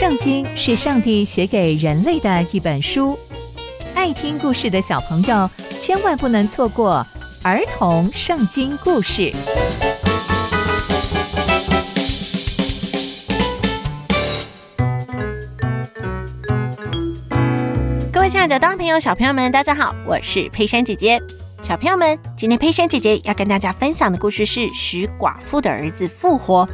聖經是上帝寫給人類的一本書，愛聽故事的小朋友千萬不能錯過兒童聖經故事。各位親愛的大朋友、小朋友們，大家好，我是佩珊姐姐。小朋友們，今天佩珊姐姐要跟大家分享的故事是《使寡婦的兒子復活》。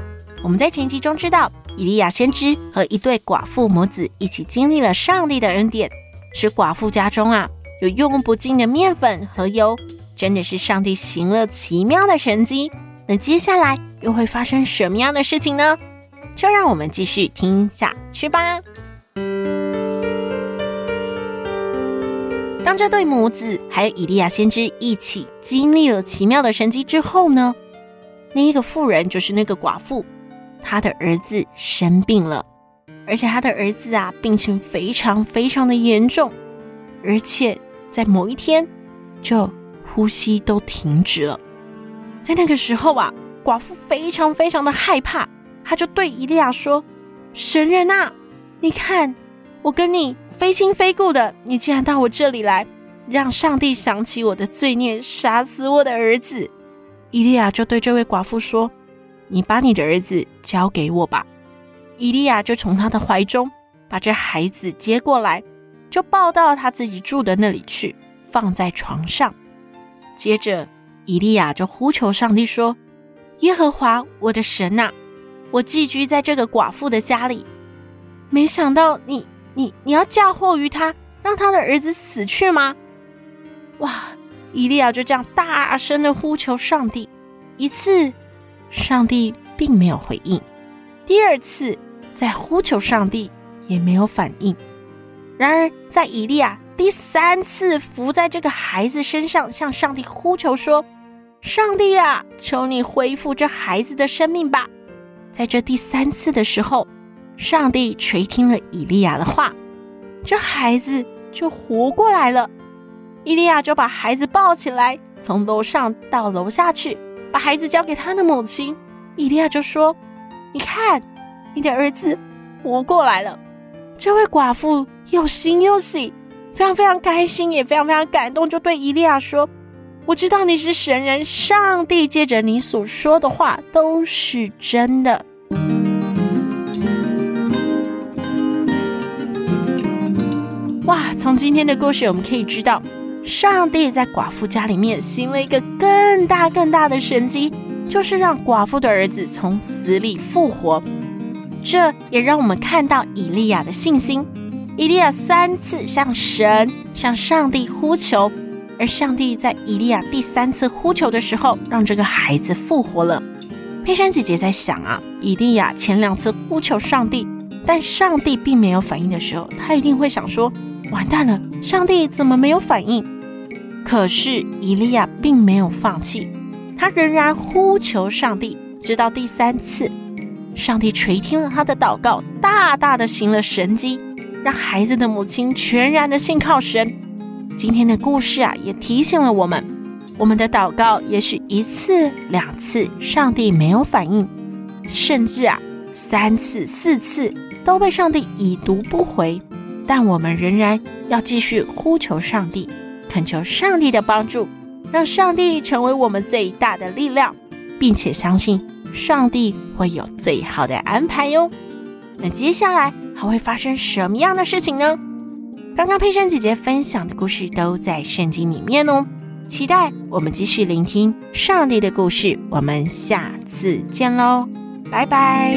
我們在前集中知道，以利亞先知和一對寡婦母子一起經歷了上帝的恩典，使寡婦家中啊有用不盡的麵粉和油，真的是上帝行了奇妙的神蹟。那接下來又會發生什麼樣的事情呢？就讓我們繼續聽下去吧。當這對母子還有以利亞先知一起經歷了奇妙的神蹟之後呢，那一個婦人就是那個寡婦。他的兒子生病了，而且他的兒子啊病情非常非常的嚴重，而且在某一天就呼吸都停止了。在那個時候啊，寡婦非常非常的害怕，她就對伊利亞說：“神人啊，你看我跟你非親非故的，你竟然到我這裡來，讓上帝想起我的罪孽，殺死我的兒子。”伊利亞就對這位寡婦說。你把你的兒子交給我吧。以利亞就從他的懷中把這孩子接過來，就抱到他自己住的那裡去，放在床上。接着，以利亞就呼求上帝說：“耶和華，我的神啊，我寄居在這個寡婦的家裡，沒想到你，你，你要嫁禍於他，讓他的兒子死去嗎？”哇！以利亞就這樣大聲的呼求上帝一次。上帝並沒有回應，第二次再呼求上帝也沒有反應。然而，在以利亞第三次伏在這個孩子身上向上帝呼求說：“上帝啊，求你恢復這孩子的生命吧！”在這第三次的時候，上帝垂聽了以利亞的話，這孩子就活過來了。以利亞就把孩子抱起來，從樓上到樓下去。把孩子交給他的母親，以利亞就說：“你看，你的兒子活過來了。”這位寡婦又驚又喜，非常非常開心，也非常非常感動，就對以利亞說：“我知道你是神人，上帝借着你所說的話都是真的。”哇！從今天的故事，我們可以知道。上帝在寡婦家裡面行了一個更大更大的神蹟，就是讓寡婦的兒子從死裡復活。這也讓我們看到以利亞的信心。以利亞三次向神向上帝呼求，而上帝在以利亞第三次呼求的時候，讓這個孩子復活了。佩珊姐姐在想啊，以利亞前兩次呼求上帝，但上帝並沒有反應的時候，他一定會想說：完蛋了，上帝怎麼沒有反應？可是，以利亞並沒有放棄，他仍然呼求上帝，直到第三次，上帝垂聽了他的禱告，大大的行了神迹，讓孩子的母親全然的信靠神。今天的故事啊，也提醒了我們，我們的禱告也許一次兩次，上帝沒有反應，甚至啊三次四次都被上帝已讀不回，但我們仍然要繼續呼求上帝。懇求上帝的幫助，讓上帝成為我們最大的力量，並且相信上帝會有最好的安排喲、哦。那接下來還會發生什麼樣的事情呢？剛剛佩珊姐姐分享的故事都在聖經裡面哦，期待我們繼續聆聽上帝的故事。我們下次見嘍，拜拜。